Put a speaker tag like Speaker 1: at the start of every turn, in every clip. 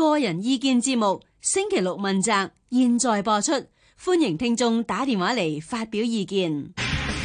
Speaker 1: 個人意見節目星期六問責，現在播出，歡迎聽眾
Speaker 2: 打電話嚟發表意見。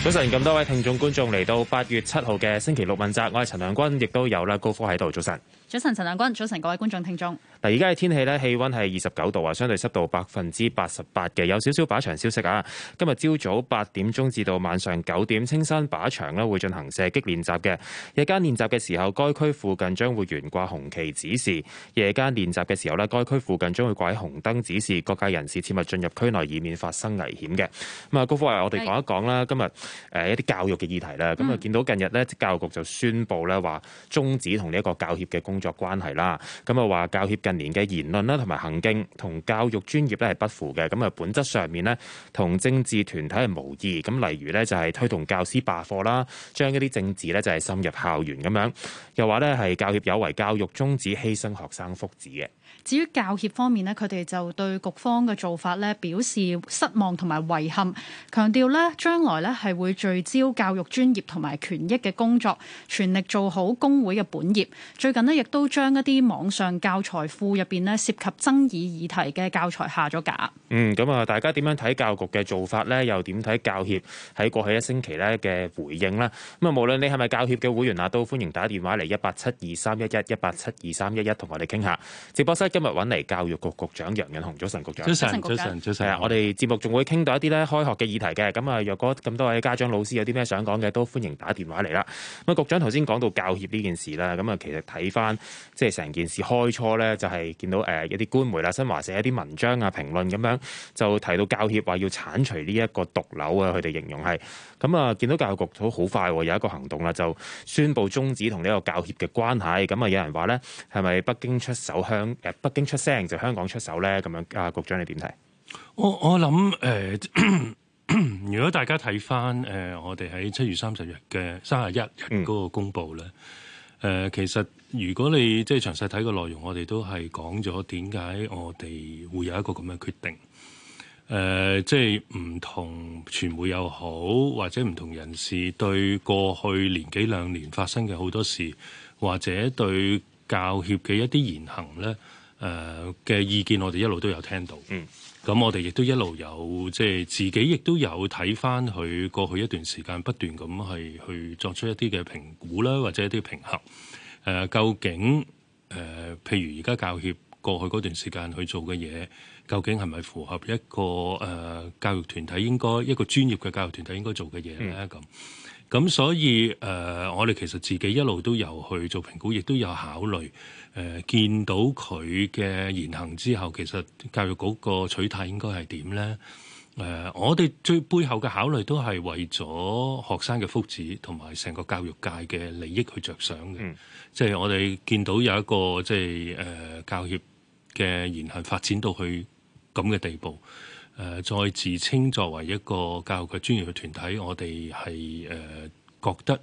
Speaker 1: 早晨，咁多位聽眾觀眾嚟到八月七號嘅星期六問責，我係陳良君，亦都有啦高科喺度。早晨。
Speaker 2: 早晨，陳亮君，早晨各位觀眾、聽眾。
Speaker 1: 嗱，而家嘅天氣咧，氣温係二十九度啊，相對濕度百分之八十八嘅，有少少靶場消息啊。今日朝早八點鐘至到晚上九點，青山靶場咧會進行射擊練習嘅。夜間練習嘅時候，該區附近將會懸掛紅旗指示；夜間練習嘅時候咧，該區附近將會掛起紅燈指示，各界人士切勿進入區內，以免發生危險嘅。咁啊，高福華，我哋講一講啦，今日誒一啲教育嘅議題啦。咁啊，見到近日咧，教育局就宣布咧話終止同呢一個教協嘅工作。作關係啦，咁啊話教協近年嘅言論啦，同埋行徑同教育專業咧係不符嘅，咁啊本質上面咧同政治團體係無異，咁例如咧就係推動教師罷課啦，將一啲政治咧就係深入校園咁樣，又話咧係教協有違教育宗旨，犧牲學生福祉嘅。
Speaker 2: 至於教協方面呢，佢哋就對局方嘅做法呢表示失望同埋遺憾，強調呢將來呢係會聚焦教育專業同埋權益嘅工作，全力做好工會嘅本業。最近呢亦都將一啲網上教材庫入邊呢涉及爭議議題嘅教材下咗架。
Speaker 1: 嗯，咁啊，大家點樣睇教局嘅做法呢？又點睇教協喺過去一星期呢嘅回應呢？咁啊，無論你係咪教協嘅會員啊，都歡迎打電話嚟一八七二三一一一八七二三一一同我哋傾下。直播室。今日揾嚟教育局局長楊潤雄，早晨局長。早晨早晨，早晨，早晨早晨我哋節目仲會傾到一啲咧，開學嘅議題嘅，咁啊若果咁多位家長老師有啲咩想講嘅，都歡迎打電話嚟啦。咁啊，局長頭先講到教協呢件事啦，咁啊其實睇翻即係成件事開初咧，就係見到誒一啲官媒啦、新華社一啲文章啊、評論咁樣，就提到教協話要剷除呢一個毒瘤啊，佢哋形容係咁啊，見到教育局都好快有一個行動啦，就宣布終止同呢個教協嘅關係。咁啊，有人話咧，係咪北京出手香誒？北京出聲就香港出手呢？咁樣啊，局長你點睇？
Speaker 3: 我我諗誒、呃，如果大家睇翻誒，我哋喺七月三十日嘅三十一日嗰個公佈咧，誒、嗯呃，其實如果你即係詳細睇個內容，我哋都係講咗點解我哋會有一個咁嘅決定。誒、呃，即係唔同傳媒又好，或者唔同人士對過去年幾兩年發生嘅好多事，或者對教協嘅一啲言行咧。誒、呃、嘅意見，我哋一路都有聽到。咁我哋亦都一路有，即係自己亦都有睇翻佢過去一段時間不斷咁係去，去作出一啲嘅評估啦，或者一啲評核。誒、呃，究竟誒、呃，譬如而家教協過去嗰段時間去做嘅嘢，究竟係咪符合一個誒、呃、教育團體應該一個專業嘅教育團體應該做嘅嘢咧？咁、嗯。咁所以誒、呃，我哋其實自己一路都有去做評估，亦都有考慮誒、呃，見到佢嘅言行之後，其實教育局個取態應該係點咧？誒、呃，我哋最背後嘅考慮都係為咗學生嘅福祉同埋成個教育界嘅利益去着想嘅。即、嗯、係、就是、我哋見到有一個即係誒教協嘅言行發展到去咁嘅地步。誒、呃、再自稱作為一個教育嘅專業嘅團體，我哋係誒覺得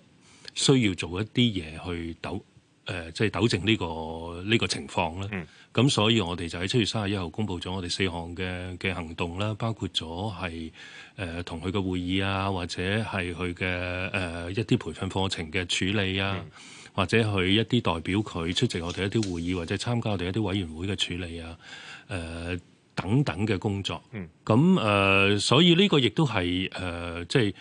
Speaker 3: 需要做一啲嘢去糾誒、呃，即係糾正呢、呢個呢、呢個情況咧。咁、嗯、所以我哋就喺七月三十一號公佈咗我哋四項嘅嘅行動啦，包括咗係誒同佢嘅會議啊，或者係佢嘅誒一啲培訓課程嘅處理啊、嗯，或者去一啲代表佢出席我哋一啲會議或者參加我哋一啲委員會嘅處理啊，誒、呃。等等嘅工作，咁誒，所以呢個亦都係誒，即係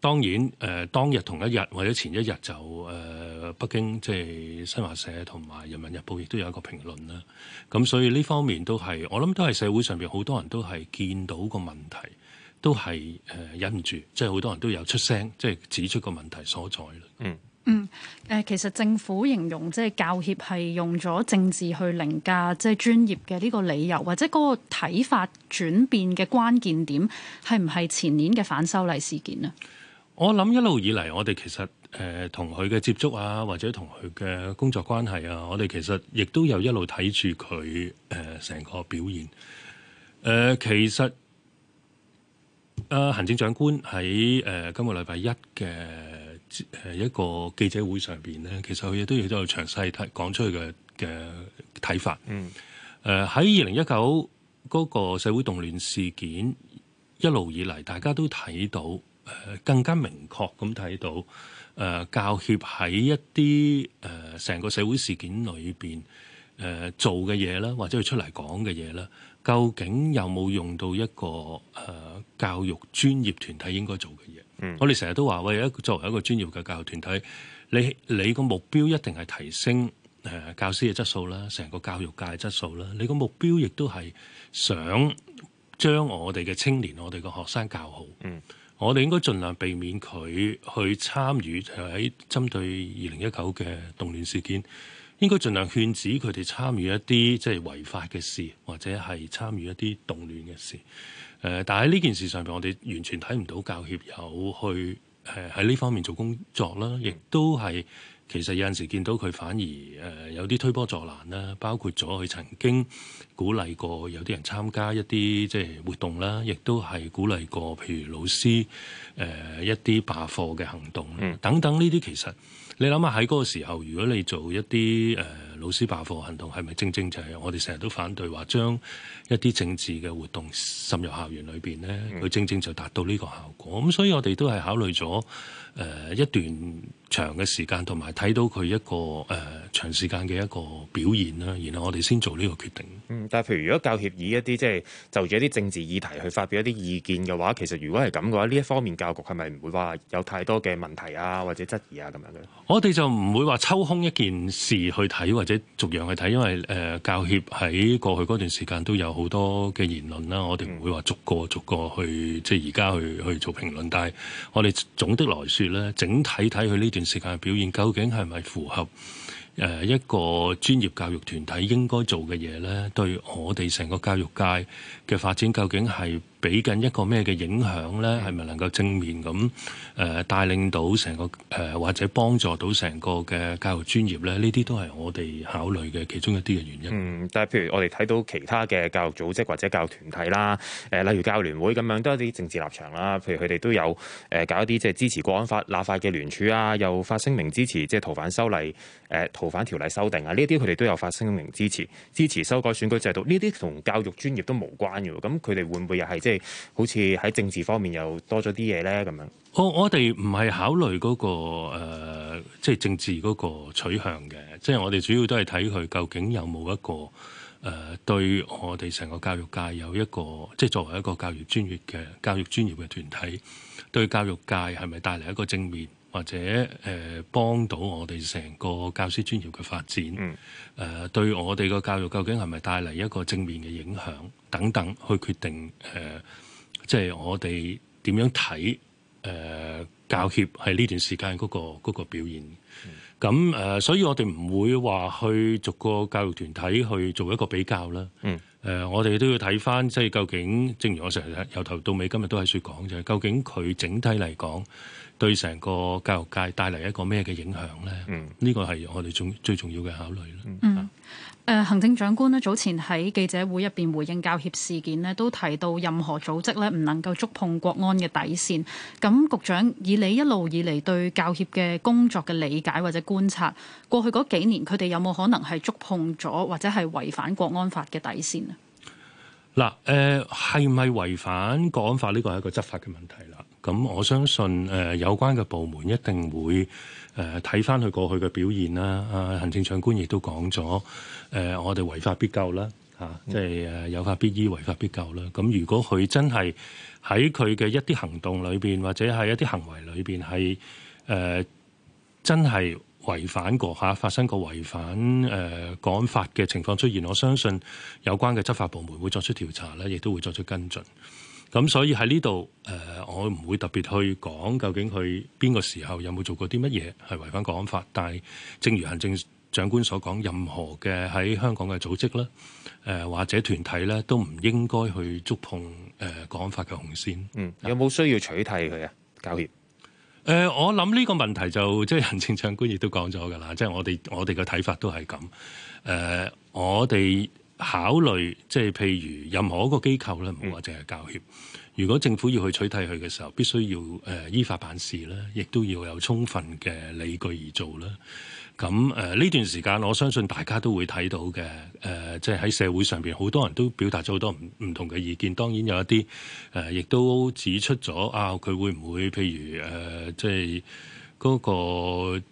Speaker 3: 當然誒，當日同一日或者前一日就誒北京即係新華社同埋人民日報亦都有一個評論啦。咁所以呢方面都係，我諗都係社會上邊好多人都係見到個問題，都係誒忍唔住，即係好多人都有出聲，即係指出個問題所在啦。嗯。
Speaker 2: 嗯，誒，其實政府形容即係教協係用咗政治去凌駕即係專業嘅呢個理由，或者嗰個睇法轉變嘅關鍵點，係唔係前年嘅反修例事件啊？
Speaker 3: 我諗一路以嚟，我哋其實誒同佢嘅接觸啊，或者同佢嘅工作關係啊，我哋其實亦都有一路睇住佢誒成個表現。誒、呃，其實誒、呃，行政長官喺誒、呃、今個禮拜一嘅。誒一個記者會上邊咧，其實佢亦都要都有詳細睇講出去嘅嘅睇法。嗯。誒、呃，喺二零一九嗰個社會動亂事件一路以嚟，大家都睇到誒、呃、更加明確咁睇到誒、呃、教協喺一啲誒成個社會事件裏邊誒、呃、做嘅嘢啦，或者佢出嚟講嘅嘢啦，究竟有冇用到一個誒、呃、教育專業團體應該做嘅嘢？ 我哋成日都話，為一作為一個專業嘅教育團體，你你個目標一定係提升誒教師嘅質素啦，成個教育界嘅質素啦。你個目標亦都係想將我哋嘅青年、我哋嘅學生教好。 我哋應該盡量避免佢去參與喺針對二零一九嘅動亂事件，應該盡量勸止佢哋參與一啲即係違法嘅事，或者係參與一啲動亂嘅事。誒，但喺呢件事上邊，我哋完全睇唔到教協有去誒喺呢方面做工作啦，亦都係其實有陣時見到佢反而誒、呃、有啲推波助瀾啦，包括咗佢曾經鼓勵過有啲人參加一啲即係活動啦，亦都係鼓勵過譬如老師誒、呃、一啲罷課嘅行動等等呢啲其實。你諗下喺嗰個時候，如果你做一啲誒、呃、老師罷課行動，係咪正正就係我哋成日都反對話將一啲政治嘅活動滲入校園裏面咧？佢正正就達到呢個效果。咁所以我哋都係考慮咗誒、呃、一段長嘅時間同埋睇到佢一個誒、呃、長時間嘅一個表現啦，然後我哋先做呢個決
Speaker 1: 定。嗯，但係譬如如果教協以一啲即係就住、是、一啲政治議題去發表一啲意見嘅話，其實如果係咁嘅話，呢一方面教局係咪唔會話有太多嘅問題啊或者質疑啊咁樣嘅？
Speaker 3: 我哋就唔會話抽空一件事去睇或者逐樣去睇，因為誒、呃、教協喺過去嗰段時間都有好多嘅言論啦，我哋唔會話逐個逐個去、嗯、即係而家去去做評論，但係我哋總的來說咧，整體睇佢呢段時間嘅表現究竟係咪符合誒一個專業教育團體應該做嘅嘢咧？對我哋成個教育界嘅發展，究竟係……俾緊一個咩嘅影響咧？係咪能夠正面咁誒帶領到成個或者幫助到成個嘅教育專業咧？呢啲都係我哋考慮嘅其中一啲嘅原因。嗯，
Speaker 1: 但係譬如我哋睇到其他嘅教育組織或者教育團體啦，呃、例如教聯會咁樣，都有啲政治立場啦。譬如佢哋都有誒、呃、搞一啲即係支持國安法立法嘅聯署啊，又發聲明支持即係、就是、逃犯修例誒逃犯條例修訂啊，呢啲佢哋都有發聲明支持支持修改選舉制度。呢啲同教育專業都無關嘅喎，咁佢哋會唔會又係？即係好似喺政治方面又多咗啲嘢咧咁樣。
Speaker 3: 我我哋唔係考慮嗰個誒，即係政治嗰個取向嘅，即係我哋主要都係睇佢究竟有冇一個誒，對我哋成個教育界有一個，即係作為一個教育專業嘅教育專業嘅團體，對教育界係咪帶嚟一個正面？或者誒、呃、幫到我哋成個教師專業嘅發展，誒、嗯呃、對我哋個教育究竟係咪帶嚟一個正面嘅影響等等，去決定誒即係我哋點樣睇誒、呃、教協喺呢段時間嗰、那個嗰、那個表現，咁、嗯、誒、呃、所以我哋唔會話去逐個教育團體去做一個比較啦。誒、嗯呃、我哋都要睇翻，即、就、係、是、究竟，正如我成日由頭到尾今日都喺度講，就係、是、究竟佢整體嚟講。對成個教育界帶嚟一個咩嘅影響咧？呢個係我哋重最重要嘅考慮啦。
Speaker 2: 嗯，誒、呃，行政長官咧早前喺記者會入邊回應教協事件咧,都提到任何組織咧唔能夠觸碰國安嘅底線。咁局長以你一路以嚟對教協嘅工作嘅理解或者觀察，過去嗰幾年佢哋有冇可能係觸碰咗或者係違反國安法嘅底線啊？
Speaker 3: 嗱，誒、呃，係唔係違反國安法呢？呢個係一個執法嘅問題啦。咁我相信誒有關嘅部門一定會誒睇返佢過去嘅表現啦。啊、呃，行政長官亦都講咗誒，我哋違法必究啦，嚇、啊，即係誒有法必依、違法必究啦。咁、呃、如果佢真係喺佢嘅一啲行動裏邊，或者係一啲行為裏邊係誒真係違反過嚇、啊，發生過違反誒國安、呃、法嘅情況出現，我相信有關嘅執法部門會作出調查咧，亦都會作出跟進。咁所以喺呢度，誒、呃、我唔會特別去講究竟佢邊個時候有冇做過啲乜嘢係違反國安法，但係正如行政長官所講，任何嘅喺香港嘅組織啦，誒、呃、或者團體咧，都唔應該去觸碰誒國安、呃、法嘅紅線。嗯，有冇需要取
Speaker 1: 締佢啊？
Speaker 3: 教協？誒、呃，我諗呢個問題就即係、就是、行政長官亦都講咗㗎啦，即、就、係、是、我哋我哋嘅睇法都係咁。誒、呃，我哋。考慮，即係譬如任何一個機構咧，唔好話淨係教協，如果政府要去取締佢嘅時候，必須要誒、呃、依法辦事啦，亦都要有充分嘅理據而做啦。咁誒，呢段時間，我相信大家都會睇到嘅誒，即係喺社會上邊好多人都表達咗好多唔唔同嘅意見。當然有一啲誒，亦、呃、都指出咗啊，佢會唔會譬如誒，即係嗰個。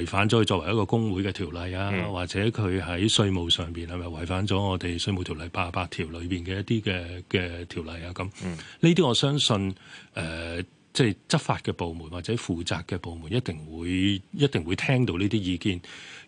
Speaker 3: 違反咗作為一個工會嘅條例啊、嗯，或者佢喺稅務上邊係咪違反咗我哋稅務條例八十八條裏邊嘅一啲嘅嘅條例啊？咁呢啲我相信誒，即、呃、係、就是、執法嘅部門或者負責嘅部門一定會一定會聽到呢啲意見，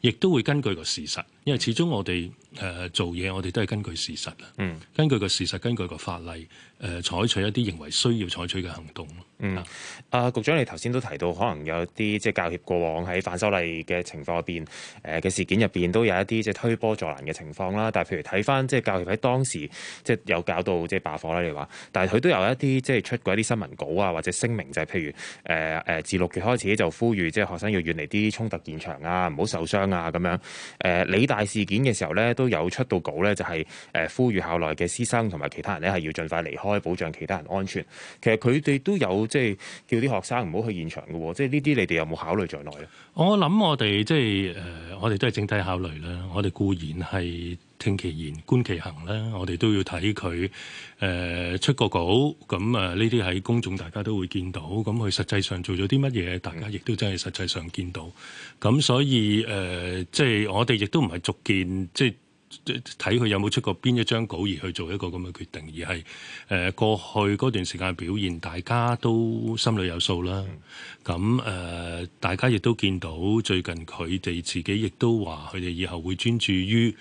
Speaker 3: 亦都會根據個事實。因為始終我哋誒做嘢，我哋都係根據事實啦，根據個事實，根據個法例，誒採取一啲認為需要採
Speaker 1: 取嘅行動咯。嗯，阿局長你頭先都提到，可能有啲即係教協過往喺反修例嘅情況入邊，誒嘅事件入邊都有一啲即係推波助瀾嘅情況啦。但係譬如睇翻即係教協喺當時即係有搞到即係罷課啦，你話，但係佢都有一啲即係出過一啲新聞稿啊，或者聲明，就係譬如誒誒自六月開始就呼籲即係學生要遠離啲衝突現場啊，唔好受傷啊咁樣。誒理大。大事件嘅時候咧，都有出到稿咧，就係誒呼籲校內嘅師生同埋其他人咧，係要盡快離開，保障其他人安全。其實佢哋都有即係叫啲學生唔好去現場嘅，即係呢啲你哋有冇考慮在內啊？我諗
Speaker 3: 我哋即係誒，我哋都係整體考慮啦，我哋固然係。聽其言，觀其行啦。我哋都要睇佢誒出個稿，咁啊呢啲喺公眾大家都會見到。咁佢實際上做咗啲乜嘢，大家亦都真係實際上見到。咁所以誒，即、呃、係、就是、我哋亦都唔係逐件，即係睇佢有冇出過邊一張稿而去做一個咁嘅決定，而係誒、呃、過去嗰段時間表現，大家都心裏有數啦。咁誒、呃，大家亦都見到最近佢哋自己亦都話，佢哋以後會專注於，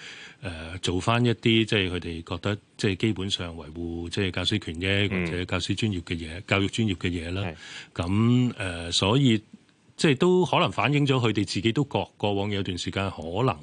Speaker 3: 誒做翻一啲即係佢哋覺得即係基本上維護即係教師權益或者教師專業嘅嘢，嗯、教育專業嘅嘢啦。咁、嗯、誒、呃，所以即係都可能反映咗佢哋自己都覺過往有段時間可能誒、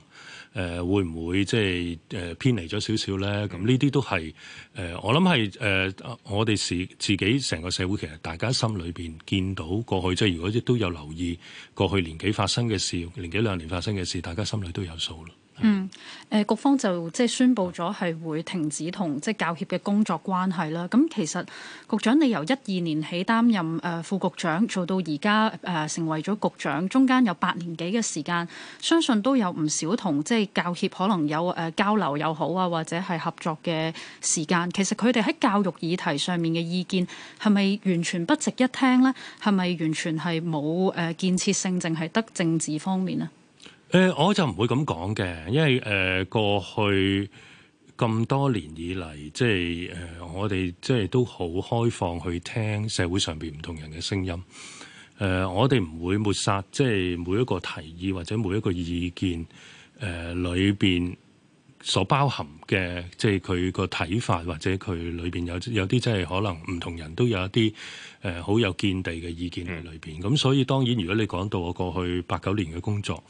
Speaker 3: 呃、會唔會即係誒、呃、偏離咗少少咧？咁呢啲都係誒、呃，我諗係誒我哋自自己成個社會其實大家心裏邊見到過去即係如果亦都有留意過去年幾發生嘅事，年幾兩年發生嘅事，大家心裏都有數咯。
Speaker 2: 嗯，誒、呃、局方就即係宣布咗係會停止同即係教協嘅工作關係啦。咁其實局長，你由一二年起擔任誒副局長，做到而家誒成為咗局長，中間有八年幾嘅時間，相信都有唔少同即係教協可能有誒交流又好啊，或者係合作嘅時間。其實佢哋喺教育議題上面嘅意見，係咪完全不值一聽咧？係咪完全係冇誒建設性，淨係得政治方面啊？
Speaker 3: 誒、呃，我就唔會咁講嘅，因為誒、呃、過去咁多年以嚟，即係誒我哋即係都好開放去聽社會上邊唔同人嘅聲音。誒、呃，我哋唔會抹殺即係、就是、每一個提議或者每一個意見誒裏邊所包含嘅，即係佢個睇法或者佢裏邊有有啲即係可能唔同人都有一啲誒好有見地嘅意見喺裏邊。咁、嗯、所以當然，如果你講到我過去八九年嘅工作。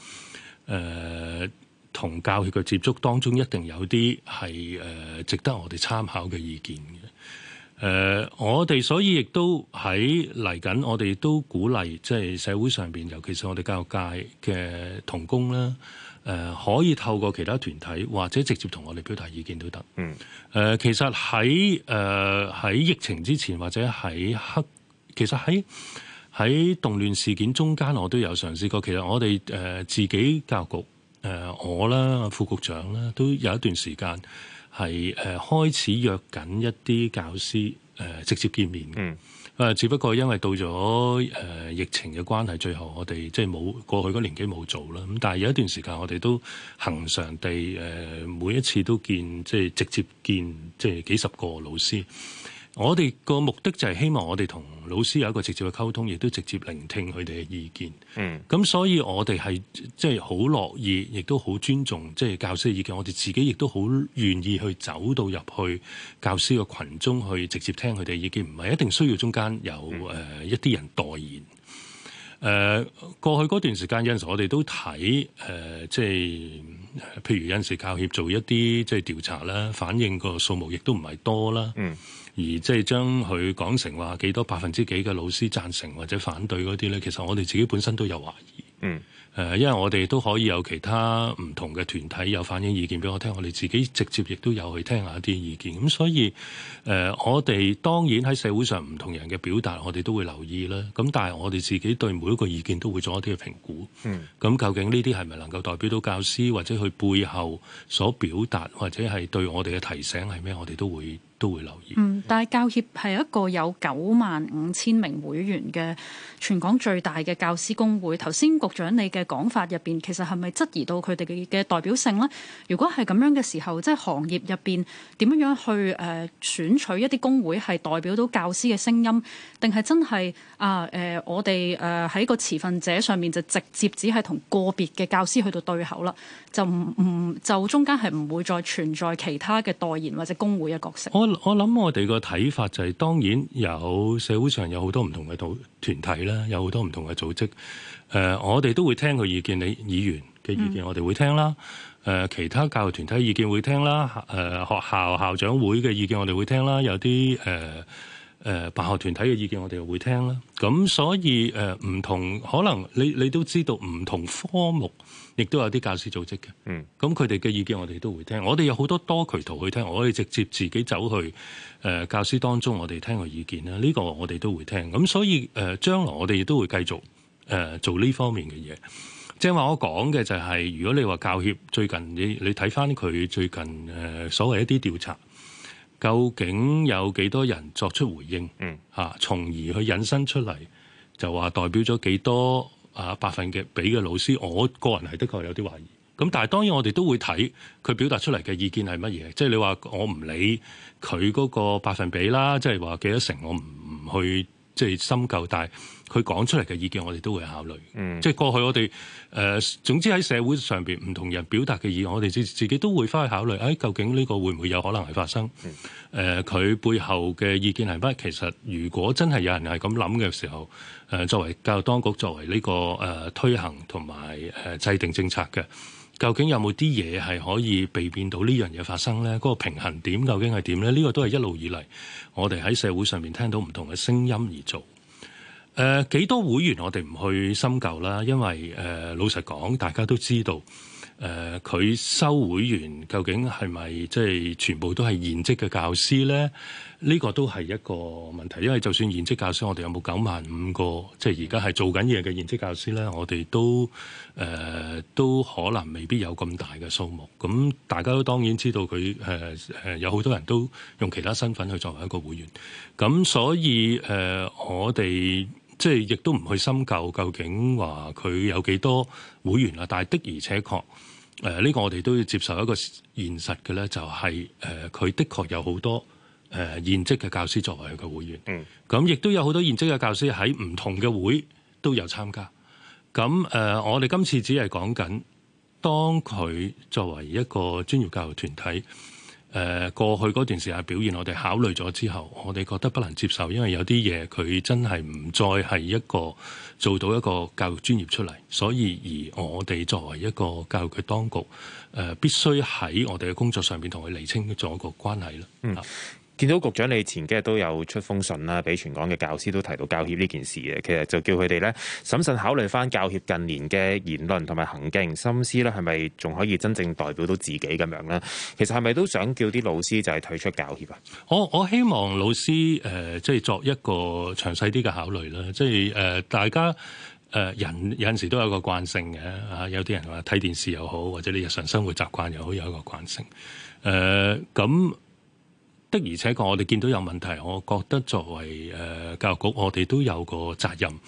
Speaker 3: 誒、呃、同教協嘅接觸當中，一定有啲係誒值得我哋參考嘅意見嘅。誒、呃，我哋所以亦都喺嚟緊，我哋都鼓勵即係社會上邊，尤其是我哋教育界嘅同工啦。誒、呃，可以透過其他團體或者直接同我哋表達意見都得。嗯。誒，其實喺誒喺疫情之前，或者喺黑，其實喺。喺動亂事件中間，我都有嘗試過。其實我哋、呃、自己教育局、呃、我啦副局長啦，都有一段時間係誒、呃、開始約緊一啲教師、呃、直接見面嘅、呃、只不過因為到咗、呃、疫情嘅關係，最後我哋即係冇過去嗰年紀冇做啦。咁但係有一段時間，我哋都恒常地、呃、每一次都見即係直接見即係幾十個老師。我哋個目的就係希望我哋同老師有一個直接嘅溝通，亦都直接聆聽佢哋嘅意見。嗯，咁所以我哋係即係好樂意，亦都好尊重即係、就是、教師嘅意見。我哋自己亦都好願意去走到入去教師嘅群中去直接聽佢哋嘅意見，唔係一定需要中間有誒一啲人代言。誒、嗯呃、過去嗰段時間，有陣時我哋都睇誒，即係譬如有陣時教協做一啲即係調查啦，反映個數目亦都唔係多啦。嗯。而即係將佢講成話幾多百分之幾嘅老師贊成或者反對嗰啲咧，其實我哋自己本身都有懷疑。嗯。誒、呃，因為我哋都可以有其他唔同嘅團體有反映意見俾我聽，我哋自己直接亦都有去聽一下一啲意見，咁、嗯、所以誒、呃，我哋當然喺社會上唔同人嘅表達，我哋都會留意啦。咁但係我哋自己對每一個意見都會做一啲嘅評
Speaker 4: 估。嗯。
Speaker 3: 咁究竟呢啲係咪能夠代表到教師或者佢背後所表達或者係對我哋嘅提醒係咩？我哋都會。都會
Speaker 2: 留意。嗯，但係教協係一個有九萬五千名會員嘅全港最大嘅教師工會。頭先局長你嘅講法入邊，其實係咪質疑到佢哋嘅代表性呢？如果係咁樣嘅時候，即係行業入邊點樣樣去誒選取一啲工會係代表到教師嘅聲音，定係真係啊？誒、呃，我哋誒喺個持份者上面就直接只係同個別嘅教師去到對口啦，就唔唔就中間係唔會再存在其他嘅代言或者工會嘅角色。
Speaker 3: 我諗我哋個睇法就係，當然有社會上有好多唔同嘅組團體啦，有好多唔同嘅組織。誒，我哋都會聽佢意見，你議員嘅意見我哋會聽啦。誒，其他教育團體意見會聽啦。誒，學校校長會嘅意見我哋會聽啦。有啲誒誒辦學團體嘅意見我哋又會聽啦。咁所以誒唔同可能你你都知道唔同科目，亦都有啲教師組織嘅，咁佢哋嘅意見我哋都會聽。我哋有好多多渠道去聽，我可以直接自己走去、呃、教師當中，我哋聽個意見啦。呢個我哋都會聽。咁所以、呃、將來我哋亦都會繼續、呃、做呢方面嘅嘢。即係話我講嘅就係，如果你話教協最近你你睇返佢最近、呃、所謂一啲調查，究竟有幾多人作出回應？嗯，嚇、啊，從而去引申出嚟就話代表咗幾多？啊！百分比嘅老師，我個人係的確有啲懷疑。咁但係當然我哋都會睇佢表達出嚟嘅意見係乜嘢。即係你話我唔理佢嗰個百分比啦，即係話幾多成我唔去即係、就是、深究，但係.佢講出嚟嘅意，、嗯呃、意見，我哋都會考慮。嗯，即係過去我哋誒，總之喺社會上邊唔同人表達嘅意見，我哋自自己都會翻去考慮。誒、哎，究竟呢個會唔會有可能係發生？誒、嗯，佢、呃、背後嘅意見係乜？其實如果真係有人係咁諗嘅時候，誒、呃，作為教育當局，作為呢、這個誒、呃、推行同埋誒制定政策嘅，究竟有冇啲嘢係可以避免到呢樣嘢發生呢？嗰、那個平衡點究竟係點呢？呢、這個都係一路以嚟我哋喺社會上面聽到唔同嘅聲音而做。誒、呃、幾多會員我哋唔去深究啦，因為誒、呃、老實講，大家都知道誒佢、呃、收會員究竟係咪即係全部都係現職嘅教師咧？呢、呢個都係一個問題，因為就算現職教師，我哋有冇九萬五個，即係而家係做緊嘢嘅現職教師咧？我哋都誒、呃、都可能未必有咁大嘅數目。咁大家都當然知道佢誒、呃、有好多人都用其他身份去作為一個會員。咁所以誒、呃、我哋。即係亦都唔去深究究竟話佢有幾多會員啊，但係的而且確呢個我哋都要接受一個現實嘅咧，就係誒佢的確有好多誒現職嘅教師作為佢嘅會員嗯，咁亦都有好多現職嘅教師喺唔同嘅會都有參加。咁誒我哋今次只係講緊當佢作為一個專業教育團體。誒過去嗰段時間表現，我哋考慮咗之後，我哋覺得不能接受，因為有啲嘢佢真係唔再係一個做到一個教育專業出嚟，所以而我哋作為一個教育局當局，誒、呃、必須喺我哋嘅工作上邊同佢釐清
Speaker 1: 咗個關係啦。嗯。見到局長，你前幾日都有出封信啦，俾全港嘅教師，都提到教協呢件事嘅，其實就叫佢哋咧審慎考慮翻教協近年嘅言論同埋行徑，心思咧係咪仲可以真正代表到自己咁樣咧？其實係咪都想叫啲老師就係退出教協啊？我我希望老師誒，即、呃、係作一個詳
Speaker 3: 細啲嘅考慮啦，即係誒大家誒、呃、人有陣時都有一個慣性嘅嚇，有啲人話睇電視又好，或者你日常生活習慣又好，有一個慣性誒咁。呃的而且確我哋見到有問題，我覺得作為誒教育局，我哋都有個責任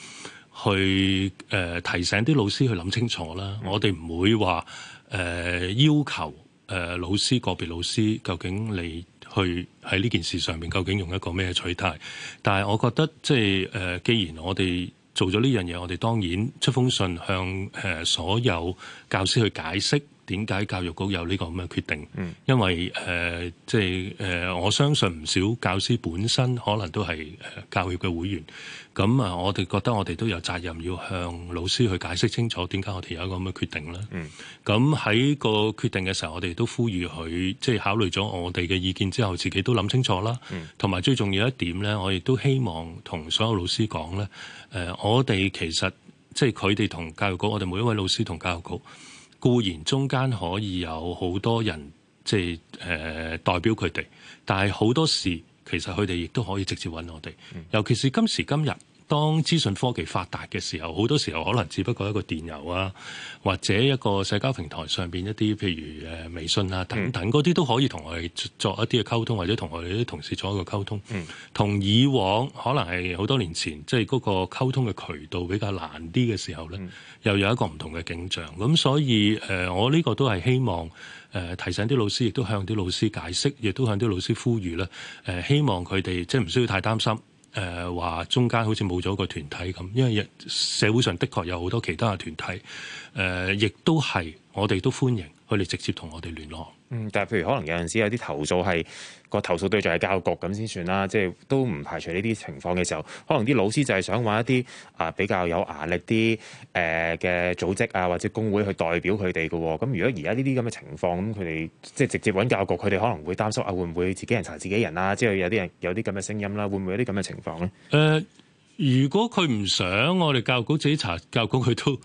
Speaker 3: 去誒提醒啲老師去諗清楚啦。我哋唔會話誒、呃、要求誒老師，個別老師究竟你去喺呢件事上面究竟用一個咩取態。但係我覺得即係誒，既然我哋做咗呢樣嘢，我哋當然出封信向誒所有教師去解釋。點解教育局有呢個咁嘅決定？嗯、因為誒，即係誒，我相信唔少教師本身可能都係誒教協嘅會員。咁啊，我哋覺得我哋都有責任要向老師去解釋清楚點解我哋有個咁嘅決定咧。咁、嗯、喺個決定嘅時候，我哋都呼籲佢即係考慮咗我哋嘅意見之後，自己都諗清楚啦。同、嗯、埋最重要一點咧，我亦都希望同所有老師講咧，誒、呃，我哋其實即係佢哋同教育局，我哋每一位老師同教育局。固然中間可以有好多人，即係、呃、代表佢哋，但係好多事其實佢哋亦都可以直接揾我哋，尤其是今時今日。當資訊科技發達嘅時候，好多時候可能只不過一個電郵啊，或者一個社交平台上面一啲譬如微信啊等等嗰啲都可以同我哋做一啲嘅溝通，或者同我哋啲同事做一個溝通。同以往可能係好多年前，即係嗰個溝通嘅渠道比較難啲嘅時候呢又有一個唔同嘅景象。咁所以我呢個都係希望、呃、提醒啲老師，亦都向啲老師解釋，亦都向啲老師呼籲啦、呃。希望佢哋即係唔需要太擔心。誒，話中間好似冇咗個團體咁，因為社會上的確有好多其他嘅團體
Speaker 1: 誒，亦都係我哋都歡迎佢哋直接同我哋聯絡。嗯，但係譬如可能有陣時有啲投訴係個投訴對象係教育局咁先算啦，即係都唔排除呢啲情況嘅時候，可能啲老師就係想揾一啲啊比較有壓力啲誒嘅組織啊或者工會去代表佢哋嘅。咁如果而家呢啲咁嘅情況，咁佢哋即係直接揾教育局，佢哋可能會擔心啊，會唔會自己人查自己人啊？即係有啲人有啲咁嘅聲音啦、啊，會唔會有啲咁嘅情況
Speaker 4: 咧？誒、呃。
Speaker 3: 如果佢唔想，我哋教育局自己查，教育局佢都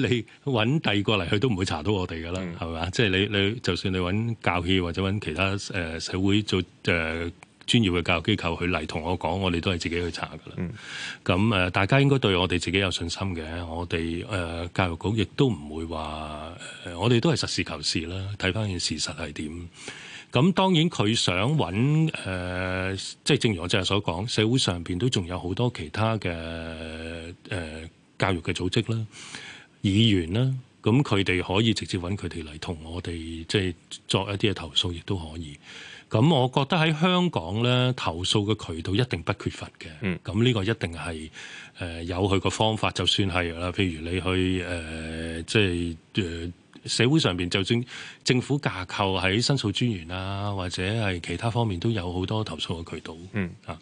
Speaker 3: 你揾第二個嚟，佢都唔會查到我哋㗎喇，係咪啊？即係、就是、你你，就算你揾教協或者揾其他誒、呃、社會做誒、呃、專業嘅教育機構去嚟同我講，我哋都係自己去查㗎喇。咁、嗯、誒、呃，大家應該對我哋自己有信心嘅，我哋誒、呃、教育局亦都唔會話、呃，我哋都係實事求是啦，睇返件事實係點。咁當然佢想揾誒、呃，即係正如我正日所講，社會上邊都仲有好多其他嘅誒、呃、教育嘅組織啦、議員啦，咁佢哋可以直接揾佢哋嚟同我哋即係作一啲嘅投訴，亦都可以。咁我覺得喺香港咧，投訴嘅渠道一定不缺乏嘅。嗯，咁呢個一定係誒、呃、有佢個方法，就算係啦，譬如你去誒、呃，即係誒。呃社會上邊，就算政府架構喺申訴專員啊，或者係其他方面都有好多投訴嘅渠道。
Speaker 4: 嗯啊，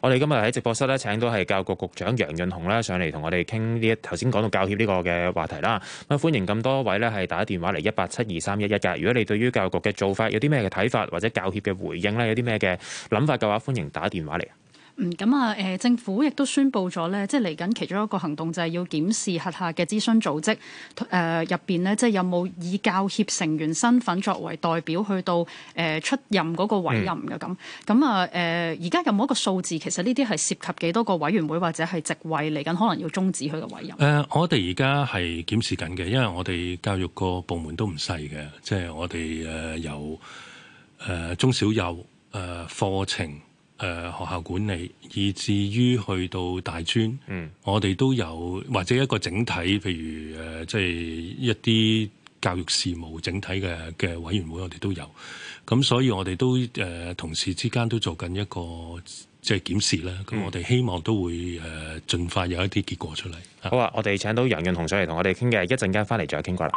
Speaker 1: 我哋今日喺直播室咧請到係教育局局長楊潤雄咧上嚟同我哋傾呢頭先講到教協呢個嘅話題啦。咁歡迎咁多位咧係打電話嚟一八七二三一一㗎。1872311, 如果你對於教育局嘅做法有啲咩嘅睇法，或者教協嘅回應咧，有啲咩嘅諗法嘅話，歡迎打電話嚟
Speaker 2: 嗯，咁、呃、啊，誒政府亦都宣布咗咧，即係嚟緊其中一個行動就係要檢視轄下嘅諮詢組織誒入邊咧，即係有冇以教協成員身份作為代表去到誒、呃、出任嗰個委任嘅咁。咁、嗯、啊，誒而家有冇一個數字？其實呢啲係涉及幾多個委員會或者係職位嚟緊，可能要終止佢嘅委任。
Speaker 3: 誒、呃，我哋而家係檢視緊嘅，因為我哋教育個部門都唔細嘅，即、就、係、是、我哋誒由誒中小幼誒、呃、課程。誒、呃、學校管理，以至於去到大專，嗯，我哋都有或者一個整體，譬如誒，即、呃、係、就是、一啲教育事務整體嘅嘅委員會，我哋都有咁，所以我哋都誒、呃、同事之間都做緊一個即係、就是、檢視啦。咁、嗯、我哋希望都會誒、呃、盡快有一啲結果出嚟。
Speaker 1: 好啊，我哋請到楊潤雄上嚟同我哋傾嘅，一陣間翻嚟再有傾過啦。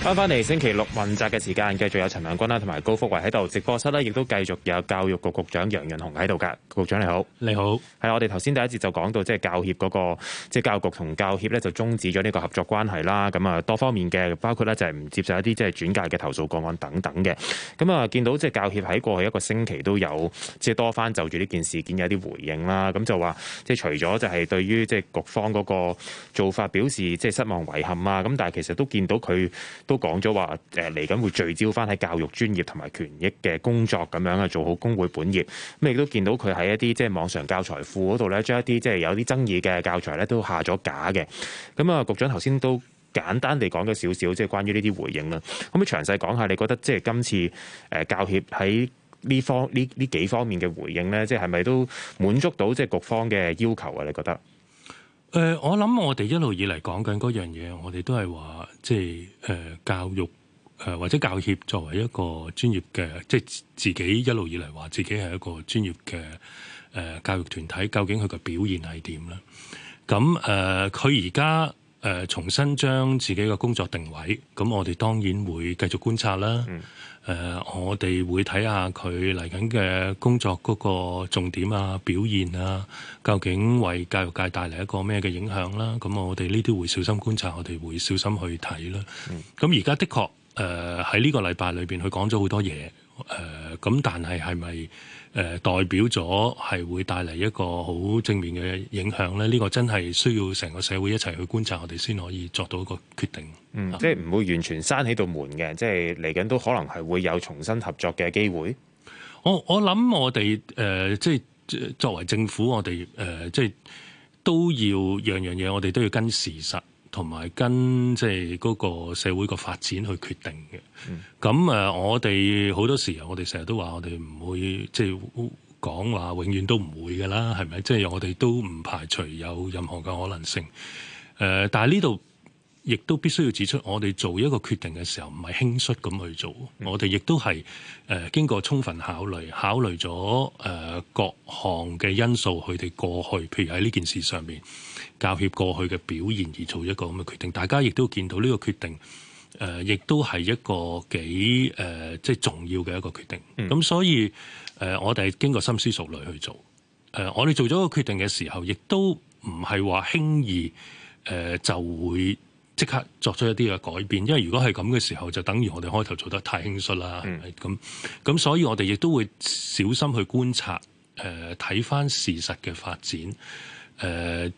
Speaker 1: 翻翻嚟星期六問責嘅時間，繼續有陳亮君啦，同埋高福維喺度。直播室咧亦都繼續有教育局局長楊潤雄喺度噶。局長你好，你好。係我哋頭先第一節就講到，即係教協嗰個，即係教育局同教協咧就終止咗呢個合作關係啦。咁啊，多方面嘅，包括咧就係唔接受一啲即係轉介嘅投訴個案等等嘅。咁啊，見到即係教協喺過去一個星期都有即係多翻就住呢件事件有一啲回應啦。咁就話即係除咗就係對於即係局方嗰個做法表示即係失望遺憾啊。咁但係其實都見到佢。都講咗話誒，嚟緊會聚焦翻喺教育專業同埋權益嘅工作咁樣啊，做好工會本業。咁亦都見到佢喺一啲即係網上教材庫嗰度咧，將一啲即係有啲爭議嘅教材咧都下咗架嘅。咁啊，局長頭先都簡單地講咗少少，即係關於呢啲回應啦。可唔可以詳細講下，你覺得即係今次誒教協喺呢方呢呢幾方面嘅回應咧，即係係咪都滿足到即係局方嘅要求啊？你覺得？
Speaker 3: 呃、我諗我哋一路以嚟講緊嗰樣嘢，我哋都係話，即係、呃、教育、呃、或者教協作為一個專業嘅，即係自己一路以嚟話自己係一個專業嘅、呃、教育團體，究竟佢嘅表現係點咧？咁、呃、佢而家、呃、重新將自己嘅工作定位，咁我哋當然會繼續觀察啦。嗯。誒、呃，我哋會睇下佢嚟緊嘅工作嗰個重點啊、表現啊，究竟為教育界帶嚟一個咩嘅影響啦、啊？咁我哋呢啲會小心觀察，我哋會小心去睇啦。咁而家的確誒喺呢個禮拜裏邊，佢講咗好多嘢誒，咁、呃、但係係咪？呃、代表咗係會帶嚟一個好正面嘅影響咧，呢、這個真係需要成個社會一齊去觀察，我哋先可以作
Speaker 1: 到一個決定。嗯，啊、即係唔會完全閂起道門嘅，即係嚟緊都可能係會有重新合作嘅機會。我我
Speaker 3: 諗我哋誒、呃、即係作為政府，我哋誒、呃、即係都要樣樣嘢，我哋都要跟事實。同埋跟即係嗰個社會個發展去決定嘅，咁、嗯、誒，我哋好多時候，我哋成日都話，我哋唔會即係講話永遠都唔會噶啦，係咪？即係我哋都唔排除有任何嘅可能性。誒、呃，但係呢度亦都必須要指出，我哋做一個決定嘅時候，唔係輕率咁去做。嗯、我哋亦都係誒經過充分考慮考慮咗誒、呃、各項嘅因素，佢哋過去，譬如喺呢件事上面。教協過去嘅表現而做一個咁嘅決定，大家亦都見到呢個決定，誒、呃，亦都係一個幾誒、呃，即係重要嘅一個決定。咁、嗯、所以誒、呃，我哋經過深思熟慮去做誒、呃，我哋做咗個決定嘅時候，亦都唔係話輕易誒、呃、就會即刻作出一啲嘅改變，因為如果係咁嘅時候，就等於我哋開頭做得太輕率啦，係咪、嗯、咁？咁所以我哋亦都會小心去觀察誒，睇、呃、翻事實嘅發展誒。呃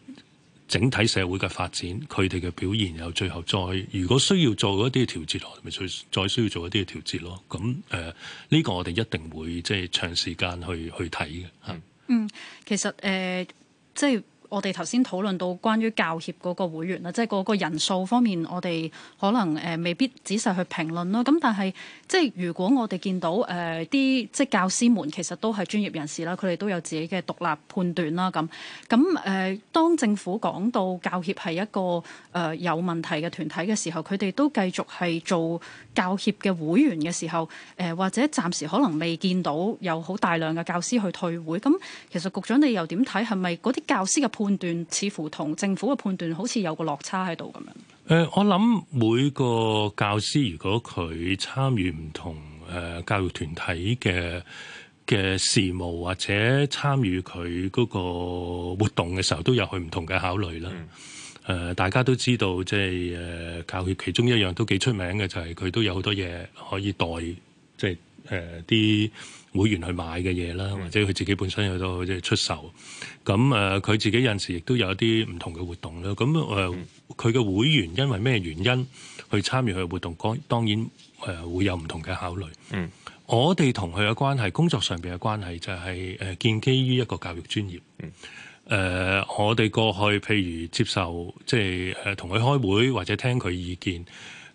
Speaker 3: 整體社會嘅發展，佢哋嘅表現，然後最後再，如果需要做一啲調節，咪再再需要做一啲嘅調節咯。咁誒，呢、呃這個我哋一定會即係長時間去去睇嘅係。嗯，其實誒、呃，
Speaker 2: 即係。我哋頭先討論到關於教協嗰個會員啦，即係嗰個人數方面，我哋可能誒未必仔細去評論咯。咁但係即係如果我哋見到誒啲即係教師們其實都係專業人士啦，佢哋都有自己嘅獨立判斷啦。咁咁誒，當政府講到教協係一個誒、呃、有問題嘅團體嘅時候，佢哋都繼續係做教協嘅會員嘅時候，誒、呃、或者暫時可能未見到有好大量嘅教師去退會。咁其實局長你又點睇？係咪嗰啲教師嘅判斷似乎同政府嘅判斷好似有個落差喺度咁樣。
Speaker 3: 誒、呃，我諗每個教師如果佢參與唔同誒、呃、教育團體嘅嘅事務或者參與佢嗰個活動嘅時候，都有佢唔同嘅考慮啦。誒、嗯呃，大家都知道，即係誒教協其中一樣都幾出名嘅，就係、是、佢都有好多嘢可以代，即係誒啲。呃會員去買嘅嘢啦，或者佢自己本身有好多即係出售。咁誒，佢、呃、自己有陣時亦都有一啲唔同嘅活動啦。咁誒，佢、呃、嘅、嗯、會員因為咩原因去參與佢嘅活動？當當然誒、呃、會有唔同嘅考慮。嗯，我哋同佢嘅關係，工作上面嘅關係就係、是、誒、呃、建基於一個教育專業。嗯。呃、我哋過去譬如接受即係誒同佢開會，或者聽佢意見，誒、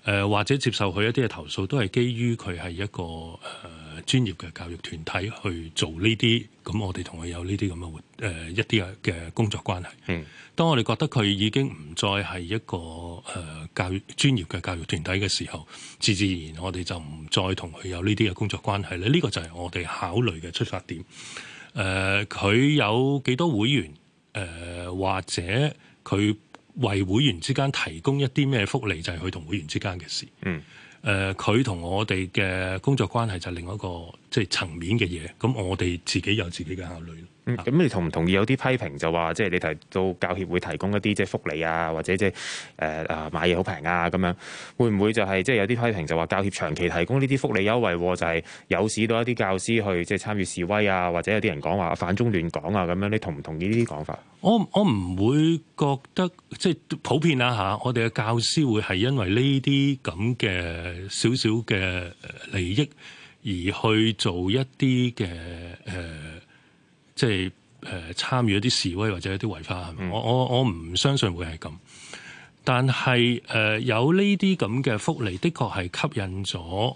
Speaker 3: 呃、或者接受佢一啲嘅投訴，都係基於佢係一個誒。呃專業嘅教育團體去做呢啲，咁我哋同佢有呢啲咁嘅活、呃、誒一啲嘅工作關係。嗯，當我哋覺得佢已經唔再係一個誒、呃、教育專業嘅教育團體嘅時候，自自然然我哋就唔再同佢有呢啲嘅工作關係咧。呢個就係我哋考慮嘅出發點。誒、呃，佢有幾多會員？誒、呃，或者佢為會員之間提供一啲咩福利，就係佢同會員之間嘅事。嗯。誒佢同我哋嘅工作關係就係另外一個
Speaker 1: 即係層面嘅嘢，咁我
Speaker 3: 哋自己有自己嘅
Speaker 1: 考慮。咁，嗯，你同唔同意有啲批評就話，即係你提到教協會提供一啲即係福利啊，或者即係誒誒買嘢好平啊咁樣，會唔會就係即係有啲批評就話教協長期提供呢啲福利優惠，就係有使到一啲教師去即係參與示威啊，或者有啲人講話反中亂港啊咁樣？你同唔同意呢啲講法？
Speaker 3: 我我唔會覺得即係普遍啦嚇，我哋嘅教師會係因為呢啲咁嘅少少嘅利益而去做一啲嘅誒，呃即係誒、呃、參與一啲示威或者一啲違法，嗯、我我我唔相信會係咁。但係誒、呃、有呢啲咁嘅福利，的確係吸引咗誒、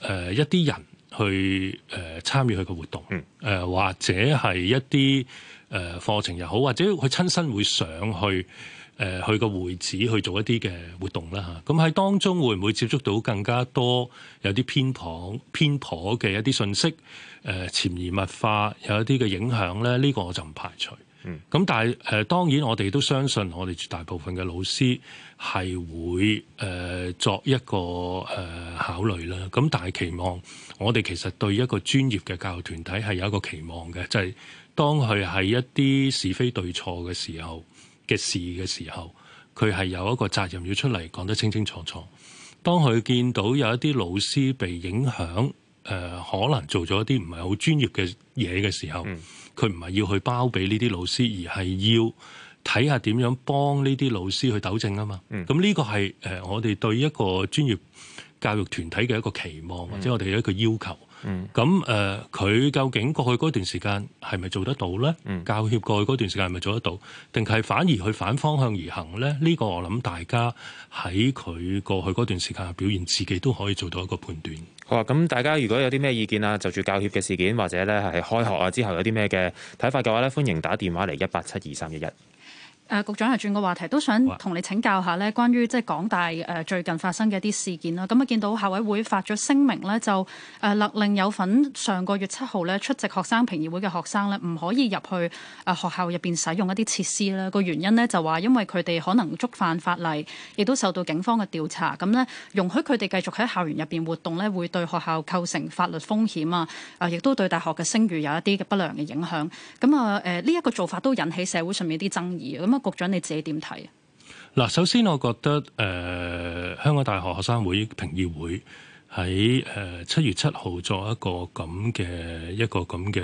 Speaker 3: 呃、一啲人去誒、呃、參與佢嘅活動，誒、呃、或者係一啲誒、呃、課程又好，或者佢親身會上去誒去個會址去做一啲嘅活動啦。嚇、啊，咁喺當中會唔會接觸到更加多有啲偏頗偏頗嘅一啲信息？誒、呃、潛移默化有一啲嘅影響咧，呢、這個我就唔排除。咁、嗯、但係、呃、當然我哋都相信我哋絕大部分嘅老師係會誒、呃、作一個誒、呃、考慮啦。咁但係期望我哋其實對一個專業嘅教育團體係有一個期望嘅，就係、是、當佢係一啲是非對錯嘅時候嘅事嘅時候，佢係有一個責任要出嚟講得清清楚楚。當佢見到有一啲老師被影響，誒、呃，可能做咗一啲唔係好專業嘅嘢嘅時候，佢唔係要去包庇呢啲老師，而係要睇下點樣幫呢啲老師去糾正啊嘛。咁、嗯、呢個係誒、呃、我哋對一個專業教育團體嘅一個期望，嗯、或者我哋一個要求。咁、嗯、誒，佢、呃、究竟過去嗰段時間係咪做得到呢？嗯、教協過去嗰段時間係咪做得到？定係反而去反方向而行呢？呢、這個我諗大家喺佢過去嗰段時間嘅表現，自己都可以做到一個判斷。
Speaker 1: 好啊！咁大家如果有啲咩意見啊，就住教協嘅事件或者咧係開學啊之後有啲咩嘅睇法嘅話咧，歡迎打電話嚟一八七二三一一。
Speaker 2: 誒、呃，局長又轉個話題，都想同你請教下呢關於即係港大誒、呃、最近發生嘅一啲事件啦。咁、嗯、啊，見到校委會發咗聲明呢就誒、呃、勒令有份上個月七號咧出席學生評議會嘅學生呢唔可以入去誒、呃、學校入邊使用一啲設施啦。個原因呢就話因為佢哋可能觸犯法例，亦都受到警方嘅調查。咁呢容許佢哋繼續喺校園入邊活動呢會對學校構成法律風險啊！誒，亦都對大學嘅聲譽有一啲嘅不良嘅影響。咁啊誒，呢、呃、一、個做法都引起社會上面一啲爭議咁局長你自己點睇啊？
Speaker 3: 嗱，首先我覺得誒、呃，香港大學學生會評議會喺誒七月七號作一個咁嘅一個咁嘅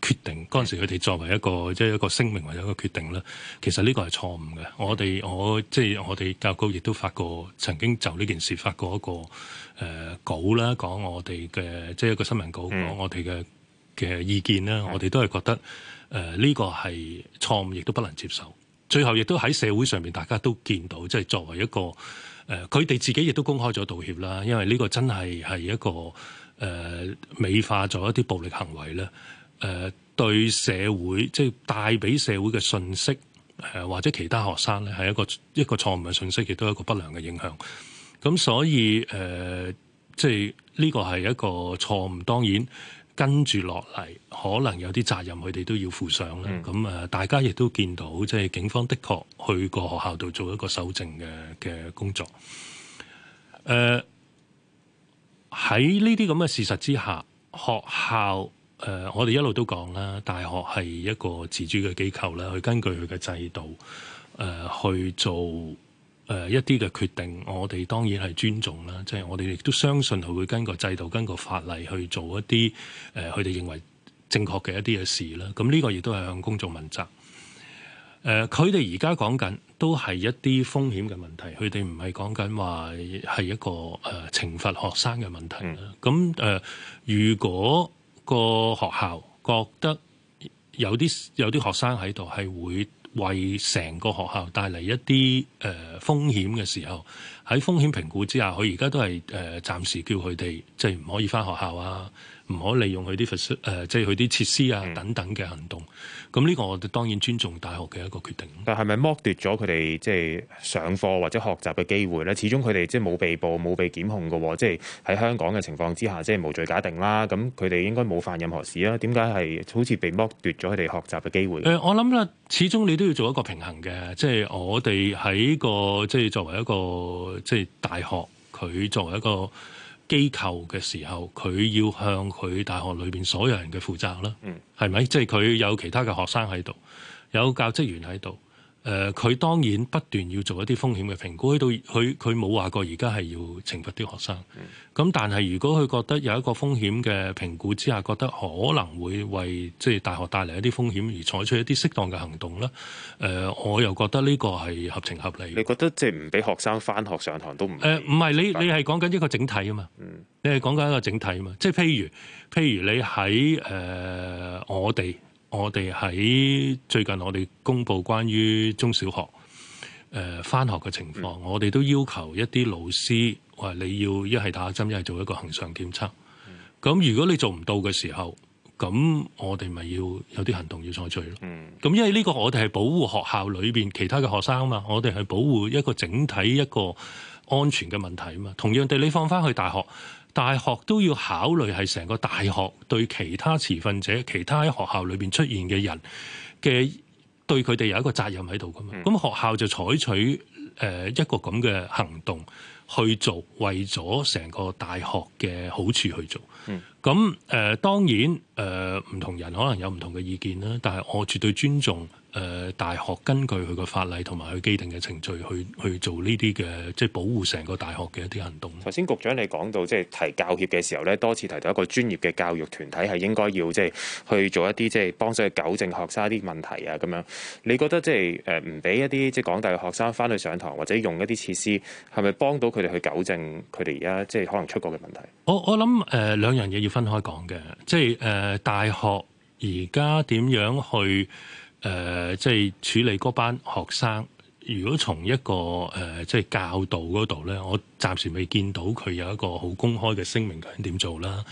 Speaker 3: 決定，嗰陣時佢哋作為一個即係一個聲明或者一個決定咧，其實呢個係錯誤嘅。我哋我即係我哋教育局亦都發過，曾經就呢件事發過一個誒、呃、稿啦，講我哋嘅即係一個新聞稿，講我哋嘅嘅意見啦。我哋都係覺得誒呢、呃、這個係錯誤，亦都不能接受。最後亦都喺社會上面大家都見到，即係作為一個誒，佢哋、呃、自己亦都公開咗道歉啦。因為呢個真係係一個誒、呃、美化咗一啲暴力行為咧，誒、呃、對社會即係帶俾社會嘅信息誒、呃，或者其他學生咧係一個一個錯誤嘅信息，亦都係一個不良嘅影響。咁所以誒、呃，即係呢、這個係一個錯誤，當然。跟住落嚟，可能有啲責任，佢哋都要負上啦。咁、嗯、啊，大家亦都見到，即係警方的確去過學校度做一個蒐證嘅嘅工作。誒、呃，喺呢啲咁嘅事實之下，學校誒、呃，我哋一路都講啦，大學係一個自主嘅機構啦，佢根據佢嘅制度誒、呃、去做。誒一啲嘅決定，我哋當然係尊重啦，即係我哋亦都相信佢會根據制度、根據法例去做一啲誒佢哋認為正確嘅一啲嘅事啦。咁呢個亦都係向公眾問責。誒，佢哋而家講緊都係一啲風險嘅問題，佢哋唔係講緊話係一個誒懲罰學生嘅問題啦。咁誒，如果個學校覺得有啲有啲學生喺度係會為成個學校帶嚟一啲誒、呃、風險嘅時候，喺風險評估之下，佢而家都係誒、呃、暫時叫佢哋即係唔可以返學校啊。唔可利用佢啲設施誒，即係佢啲設施啊等等嘅行動。咁、嗯、呢、這個我當然尊重大學嘅一個決定。
Speaker 1: 但係咪剝奪咗佢哋即係上課或者學習嘅機會咧？始終佢哋即係冇被捕、冇被檢控嘅喎。即係喺香港嘅情況之下，即、就、係、是、無罪假定啦。咁佢哋應該冇犯任何事啦。點解係好似被剝奪咗佢哋學習嘅機會？誒、
Speaker 3: 呃，我諗咧，始終你都要做一個平衡嘅。即、就、係、是、我哋喺個即係作為一個即係大學，佢、就是、作為一個。就是機構嘅時候，佢要向佢大學裏邊所有人嘅負責啦，係咪？即係佢有其他嘅學生喺度，有教職員喺度。誒、呃，佢當然不斷要做一啲風險嘅評估，去到佢佢冇話過，而家係要懲罰啲學生。咁但係，如果佢覺得有一個風險嘅評估之下，覺得可能會為即係大學帶嚟一啲風險，而採取一啲適當嘅行動咧。誒、呃，我又覺得呢個係合情合理。你覺得即係唔俾學生返學上堂都唔？誒、呃，唔係你你係講緊一個整體啊嘛？嗯，你係講緊一個整體啊嘛？即係譬如譬如你喺誒、呃、我哋。我哋喺最近，我哋公布關於中小學誒翻、呃、學嘅情況，嗯、我哋都要求一啲老師話你要一係打針，一係做一個恒常檢測。咁、嗯、如果你做唔到嘅時候，咁我哋咪要有啲行動要採取咯。咁、嗯、因為呢個我哋係保護學校裏邊其他嘅學生嘛，我哋係保護一個整體一個安全嘅問題嘛。同樣地，你放翻去大學。大學都要考慮係成個大學對其他持份者、其他喺學校裏面出現嘅人嘅對佢哋有一個責任喺度噶嘛？咁、嗯、學校就採取誒一個咁嘅行動去做，為咗成個大學嘅好處去做。咁、嗯、誒、呃、當然誒唔、呃、同人可能有唔同嘅意見啦，但係我絕對尊重。誒、呃、大學根據佢個法例同埋佢既定嘅程序去去做呢啲嘅，即係保護成個大學嘅一啲行動。
Speaker 1: 頭先局長你講到即係提教協嘅時候咧，多次提到一個專業嘅教育團體係應該要即係去做一啲即係幫手去糾正學生啲問題啊。咁樣你覺得即係誒唔俾一啲即係港大嘅學生返去上堂或者用一啲設施，係咪幫到佢哋去糾正佢哋而家即係可能出過嘅問題？
Speaker 3: 我我諗誒、呃、兩樣嘢要分開講嘅，即係誒、呃、大學而家點樣去？誒、呃，即係處理嗰班學生。如果從一個、呃、即係教導嗰度咧，我暫時未見到佢有一個好公開嘅聲明，究竟佢點做啦？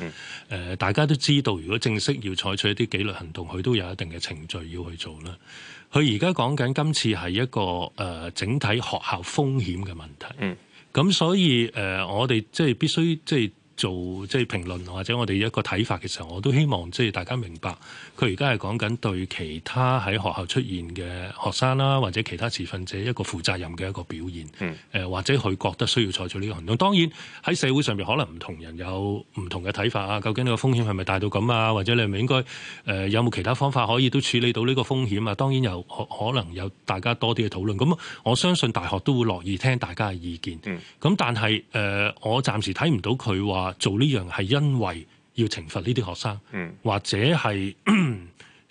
Speaker 3: 誒，大家都知道，如果正式要採取一啲紀律行動，佢都有一定嘅程序要去做啦。佢而家講緊今次係一個、呃、整體學校風險嘅問題。嗯，咁所以誒、呃，我哋即係必須即係做即係評論或者我哋一個睇法嘅時候，我都希望即係大家明白，佢而家係講緊對其他喺學校出現嘅學生啦，或者其他持份者一個負責任嘅一個表
Speaker 4: 現，
Speaker 3: 誒，或者佢覺得需要採取呢個行動，當然喺社會上面可能唔同人有唔同嘅睇法啊，究竟呢個風險係咪大到咁啊？或者你係咪應該誒、呃、有冇其他方法可以都處理到呢個風險啊？當然有可能有大家多啲嘅討論，咁我相信大學都會樂意聽大家嘅意見，咁但係誒、呃、我暫時睇唔到佢話。做呢樣係因為要懲罰呢啲學生，嗯、或者係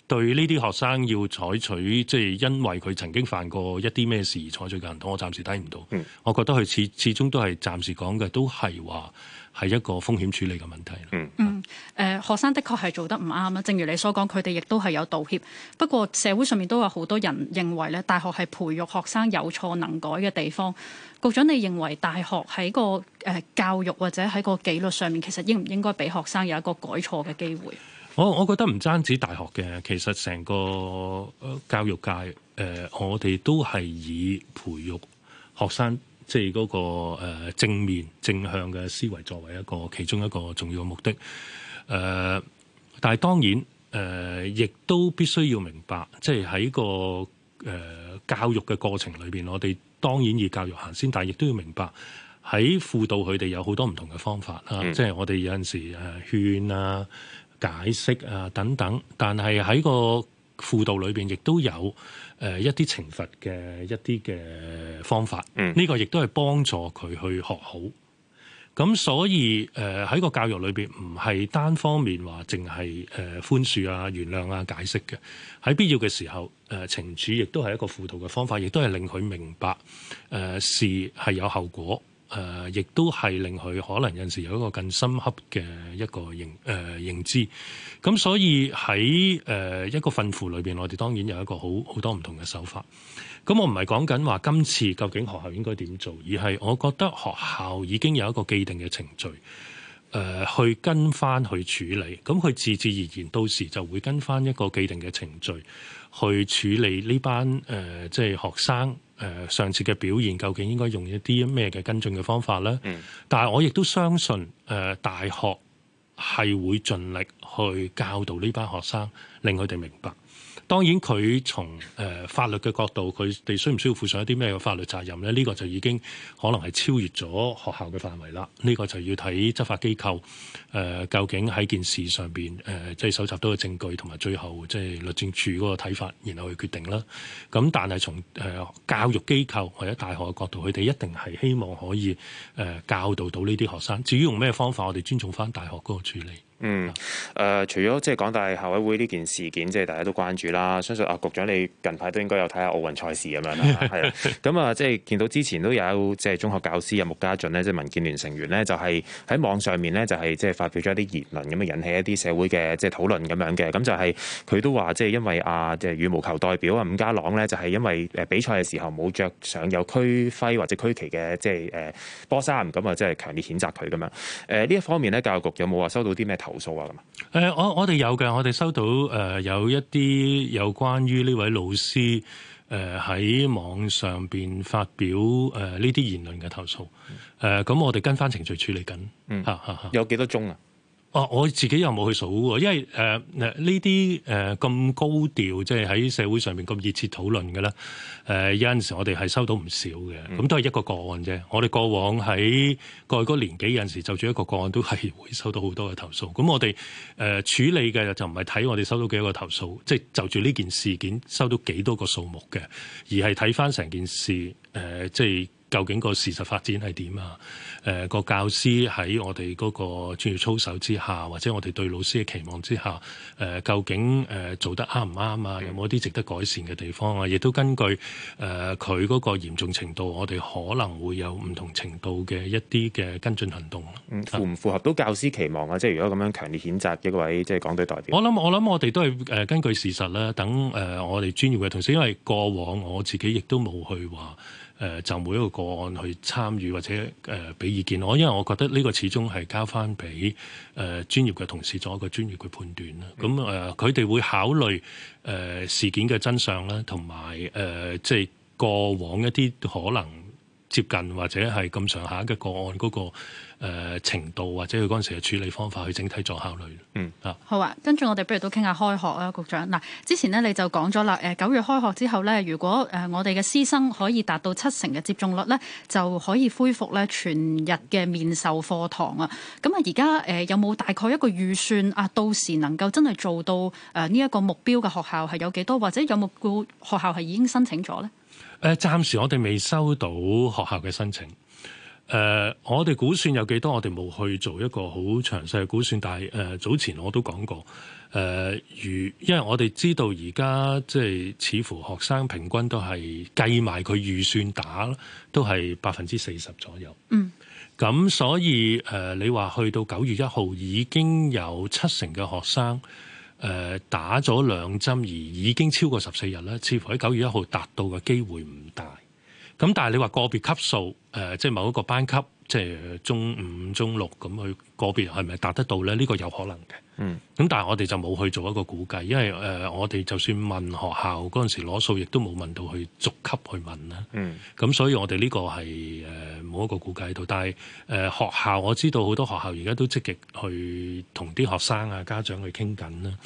Speaker 3: 對呢啲學生要採取，即係因為佢曾經犯過一啲咩事而採取嘅行動。我暫時睇唔到、嗯，我覺得佢始始終都係暫時講嘅，都係話，係一個風險處理嘅問題啦。嗯嗯，誒、
Speaker 2: 呃、學生的確係做得唔啱啦。正如你所講，佢哋亦都係有道歉。不過社會上面都有好多人認為咧，大學係培育學生有錯能改嘅地方。局長，你認為大學喺個誒、呃、教育或者喺個紀律上面，其實應唔應該俾學生有一個改錯嘅機會？
Speaker 3: 我我覺得唔單止大學嘅，其實成個教育界誒、呃，我哋都係以培育學生。即係嗰個正面正向嘅思維作為一個其中一個重要嘅目的。誒、呃，但係當然誒，亦、呃、都必須要明白，即係喺個誒、呃、教育嘅過程裏邊，我哋當然以教育行先，但係亦都要明白喺輔導佢哋有好多唔同嘅方法啦、嗯。即係我哋有陣時誒勸啊、解釋啊等等，但係喺個輔導裏邊亦都有誒一啲懲罰嘅一啲嘅方法，呢個亦都係幫助佢去學好。咁所以誒喺個教育裏邊唔係單方面話淨係誒寬恕啊、原諒啊、解釋嘅，喺必要嘅時候誒懲處亦都係一個輔導嘅方法，亦都係令佢明白誒事係有後果。誒、呃，亦都係令佢可能有時有一個更深刻嘅一個認、呃、認知，咁所以喺、呃、一個訓輔裏面，我哋當然有一個好好多唔同嘅手法。咁我唔係講緊話今次究竟學校應該點做，而係我覺得學校已經有一個既定嘅程序，呃、去跟翻去處理，咁佢自自然然到時就會跟翻一個既定嘅程序。去處理呢班誒、呃、即係學生誒、呃、上次嘅表現，究竟應該用一啲咩嘅跟進嘅方法咧？嗯。但係我亦都相信誒、呃、大學係會盡力去教導呢班學生，令佢哋明白。當然他，佢從誒法律嘅角度，佢哋需唔需要負上一啲咩嘅法律責任咧？呢、這個就已經可能係超越咗學校嘅範圍啦。呢、這個就要睇執法機構誒、呃、究竟喺件事上邊誒，即、呃、係、就是、搜集到嘅證據，同埋最後即係律政處嗰個睇法，然後去決定啦。咁但係從誒、呃、教育機構或者大學嘅角度，佢哋一定係希望可以誒、呃、教導到呢啲學生。至於用咩方法，我哋尊重翻大學嗰個處理。
Speaker 1: 嗯，誒、呃，除咗即係港大校委會呢件事件，即係大家都關注啦。相信啊局長你近排都應該有睇下奧運賽事咁樣啦，係啊，咁 啊，即係見到之前都有即係、就是、中學教師啊，穆家俊咧，即、就、係、是、民建聯成員咧，就係、是、喺網上面咧，就係即係發表咗一啲言論，咁啊，引起一啲社會嘅即係討論咁樣嘅。咁就係、是、佢都話即係因為啊即係羽毛球代表啊，伍家朗咧，就係、是、因為誒比賽嘅時候冇着上有區徽或者區旗嘅即係誒波衫，咁、就、啊、是，即係強烈譴責佢咁樣誒呢、呃、一方面咧，教育局有冇話收到啲咩投？
Speaker 3: 投訴啊咁誒，我我哋有嘅，我哋收到誒、呃、有一啲有關於呢位老師誒喺、呃、網上邊發表誒呢啲言論嘅投訴。誒、呃，咁我哋跟翻程序處理緊。嗯，吓吓吓，有幾多宗啊？哦、啊，我自己又冇去數喎，因為誒誒呢啲誒咁高調，即係喺社會上面咁熱切討論嘅啦。誒、呃、有陣時我哋係收到唔少嘅，咁都係一個個案啫。我哋過往喺過去嗰年幾有陣時，就住一個個案都係會收到好多嘅投訴。咁我哋誒、呃、處理嘅就唔係睇我哋收到幾多個投訴，即係就住、是、呢件事件收到幾多個數目嘅，而係睇翻成件事誒即。呃、即係究竟個事實發展係點啊？誒、呃，個教師喺我哋嗰個專業操守之下，或者我哋對老師嘅期望之下，呃、究竟、呃、做得啱唔啱啊？有冇啲值得改善嘅地方啊？亦都根據佢嗰、呃、個嚴重程度，我哋可能會有唔同程
Speaker 1: 度嘅一啲嘅跟進行動、啊嗯。符唔符合到教師期望啊？即、就、係、是、如果咁樣強烈譴責嘅一位即係、就是、港隊代表，我
Speaker 3: 諗我諗我哋都係根據事實啦、啊。等、呃、我哋專業嘅同事，因為過往我自己亦都冇去話。誒就每一個個案去參與或者誒俾、呃、意見我，因為我覺得呢個始終係交翻俾誒專業嘅同事做一個專業嘅判斷啦。咁誒，佢哋、呃、會考慮誒、呃、事件嘅真相啦，同埋誒即係過往一啲可能接近或者係咁上下嘅個案嗰、嗰個，誒、呃、程度或者佢嗰陣時嘅處理方法，去整體做考慮。嗯
Speaker 4: 啊，
Speaker 2: 好啊，跟住我哋不如都傾下開學啊，局長。嗱、啊，之前呢，你就講咗啦，誒、呃、九月開學之後呢，如果誒、呃、我哋嘅師生可以達到七成嘅接種率呢，就可以恢復呢全日嘅面授課堂啊。咁啊，而家誒有冇大概一個預算啊？到時能夠真係做到誒呢一個目標嘅學校係有幾多，或者有冇個學校係已經申請咗呢？誒、
Speaker 3: 呃，暫時我哋未收到學校嘅申請。誒、呃，我哋估算有幾多？我哋冇去做一個好詳細嘅估算，但係、呃、早前我都講過，如、呃、因為我哋知道而家即係似乎學生平均都係計埋佢預算打，都係百分之四十左右。
Speaker 4: 嗯，
Speaker 3: 咁、嗯、所以、呃、你話去到九月一號已經有七成嘅學生、呃、打咗兩針而已經超過十四日喇，似乎喺九月一號達到嘅機會唔大。咁但係你話個別級數？誒、呃，即係某一個班級，即係中五、中六咁去個別係咪達得到咧？呢、這個有可能嘅。嗯。咁但係我哋就冇去做一個估計，因為誒、呃、我哋就算問學校嗰陣時攞數，亦都冇問到去逐級去問啦。嗯。咁、嗯、所以我哋呢個係誒冇一個估計喺度，但係誒、呃、學校我知道好多學校而家都積極去同啲學生啊、家長去傾緊啦。誒、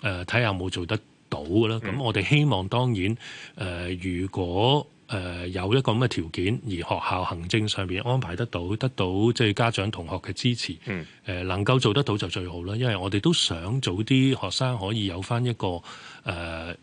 Speaker 3: 呃，睇下有冇做得到啦。咁、嗯、我哋希望當然誒、呃，如果誒、呃、有一個咁嘅條件，而學校行政上面安排得到，得到即係家長同學嘅支持，誒、呃、能夠做得到就最好啦。因為我哋都想早啲學生可以有返一個誒誒，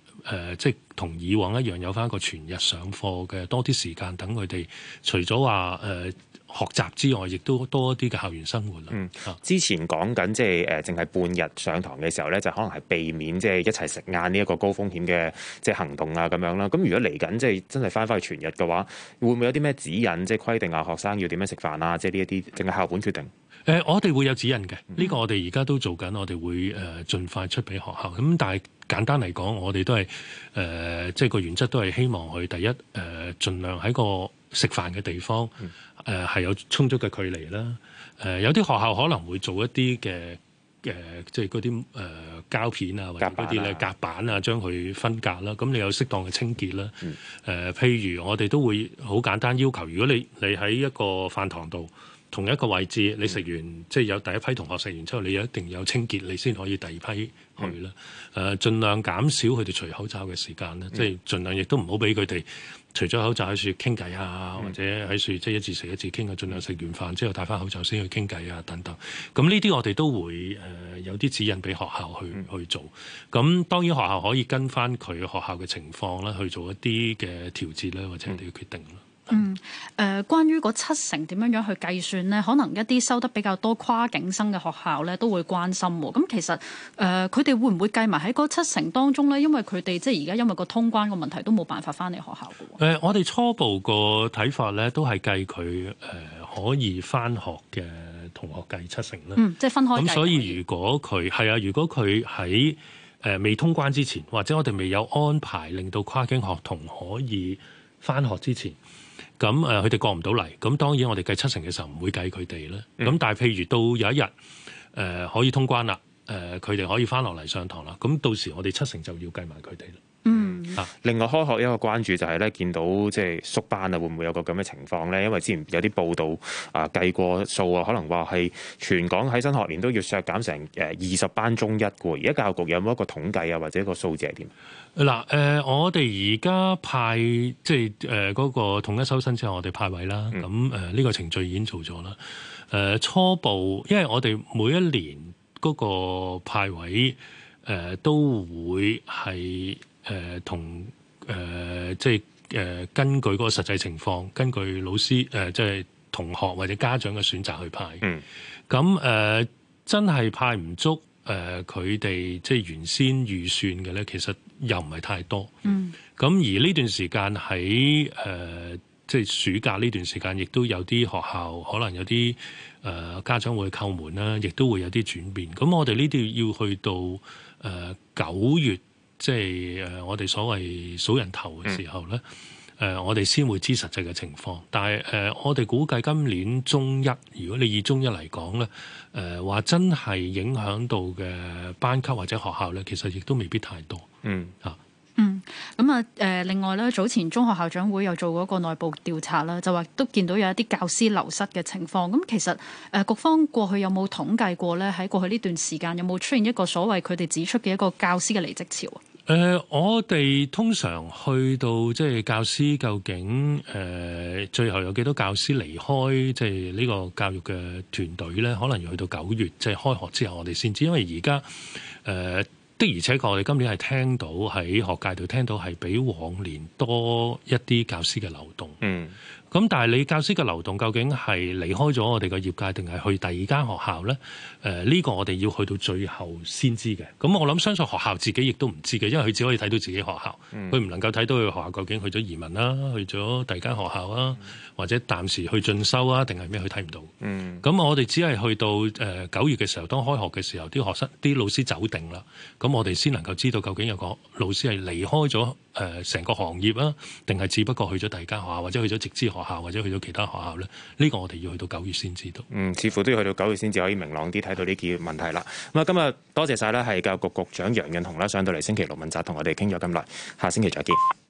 Speaker 3: 即係同以往一樣有返一個全日上課嘅多啲時間，等佢哋除咗話誒、呃學習之外，亦都多一啲嘅校園生活啦。
Speaker 1: 嗯，之前講緊即係誒，淨係半日上堂嘅時候咧，就可能係避免即係一齊食晏呢一個高風險嘅即係行動啊咁樣啦。咁如果嚟緊即係真係翻返去全日嘅話，會唔會有啲咩指引即係規定啊？學生要點樣食飯啊？即係呢一啲淨係校本決定。
Speaker 3: 誒，我哋會有指引嘅。呢個我哋而家都做緊，我哋會誒盡快出俾學校。咁但係簡單嚟講，我哋都係誒，即係個原則都係希望佢第一誒，儘量喺個。食飯嘅地方，誒、呃、係有充足嘅距離啦。誒、呃、有啲學校可能會做一啲嘅，誒即係啲誒膠片啊，或者嗰啲咧夾板啊，將佢分隔啦。咁你有適當嘅清潔啦。誒、嗯呃、譬如我哋都會好簡單要求，如果你你喺一個飯堂度同一個位置，你食完、嗯、即係有第一批同學食完之後，你一定有清潔，你先可以第二批去啦。誒、嗯呃、盡量減少佢哋除口罩嘅時間咧、嗯，即係盡量亦都唔好俾佢哋。除咗口罩喺處傾偈啊，或者喺處即係一次食一次傾啊，盡量食完飯之後戴翻口罩先去傾偈啊，等等。咁呢啲我哋都會誒、呃、有啲指引俾學校去、嗯、去做。咁當然學校可以跟翻佢學校嘅情況咧去做一啲嘅調節啦，或者啲決定。嗯
Speaker 2: 嗯，誒、呃，關於嗰七成點樣樣去計算呢？可能一啲收得比較多跨境生嘅學校呢，都會關心喎。咁其實誒，佢、呃、哋會唔會計埋喺嗰七成當中呢？因為佢哋即係而家因為個通關嘅問題都冇辦法翻嚟學校嘅
Speaker 3: 喎、呃。我哋初步個睇法呢，都係計佢誒、呃、可以翻學嘅同學計七成啦、嗯。即係分開咁。所以如果佢係啊，如果佢喺誒未通關之前，或者我哋未有安排令到跨境學童可以翻學之前。咁、呃、佢哋過唔到嚟，咁當然我哋計七成嘅時候唔會計佢哋啦。咁、嗯、但係譬如到有一日、呃、可以通關啦，呃、佢哋可以翻落嚟上堂啦，咁到時我哋七成就要計埋佢哋啦。嗯。
Speaker 1: 啊、另外開學一個關注就係咧，見到即係縮班啊，會唔會有個咁嘅情況咧？因為之前有啲報道啊，計過數啊，可能話係全港喺新學年都要削減成誒二十班中一嘅。而家教育局有冇一個統計啊，或者一個數字係點？嗱、
Speaker 3: 嗯，誒、呃，我哋而家派即係誒嗰個統一收生之後，我哋派位啦。咁誒，呢個程序已經做咗啦。誒、呃，初步因為我哋每一年嗰個派位誒、呃、都會係。誒同誒即係誒、呃、根據嗰個實際情況，根據老師誒、呃、即係同學或者家長嘅選擇去派。嗯，咁誒、呃、真係派唔足誒佢哋即係原先預算嘅咧，其實又唔係太多。嗯，咁而呢段時間喺誒即係暑假呢段時間，亦都有啲學校可能有啲誒、呃、家長會扣門啦，亦都會有啲轉變。咁我哋呢啲要去到誒九、呃、月。即係誒、呃，我哋所謂數人頭嘅時候咧，誒、嗯呃，我哋先會知實際嘅情況。但係誒、呃，我哋估計今年中一，如果你以中一嚟講咧，誒、呃，話真係影響到嘅班級或者學校咧，其實亦都未必太多。
Speaker 2: 嗯，嚇、啊，嗯，咁啊，誒、呃，另外咧，早前中學校長會又做過一個內部調查啦，就話都見到有一啲教師流失嘅情況。咁其實誒、呃，局方過去有冇統計過咧？喺過去呢段時間有冇出現一個所謂佢哋指出嘅一個教師嘅離職潮啊？
Speaker 3: 呃、我哋通常去到即係教師究竟、呃、最後有幾多教師離開，即係呢個教育嘅團隊咧？可能要去到九月即係、就是、開學之後，我哋先知。因為而家、呃、的而且確，我哋今年係聽到喺學界度聽到係比往年多一啲教師嘅流動。
Speaker 4: 嗯。
Speaker 3: 咁但係你教師嘅流動究竟係離開咗我哋嘅業界，定係去第二間學校呢？呢、呃呢個我哋要去到最後先知嘅。咁我諗相信學校自己亦都唔知嘅，因為佢只可以睇到自己學校，佢、嗯、唔能夠睇到佢學校究竟去咗移民啦，去咗第二間學校啦。嗯或者暫時去進修啊，定係咩？佢睇唔到。嗯。咁我哋只係去到呃、九月嘅時候，當開學嘅時候，啲學生、啲老師走定啦。咁我哋先能夠知道究竟有個老師係離開咗呃、成個行業啊，定係只不過去咗第二間學校，或者去咗直資學校，或者去咗其他學校咧？呢、呢個我哋要去到九月先知道。
Speaker 1: 嗯，似乎都要去到九月先至可以明朗啲睇到呢幾個問題啦。咁、嗯、啊，今日多謝晒啦，係教育局局長楊潤雄啦，上到嚟星期六問責同我哋傾咗咁耐，下星期再見。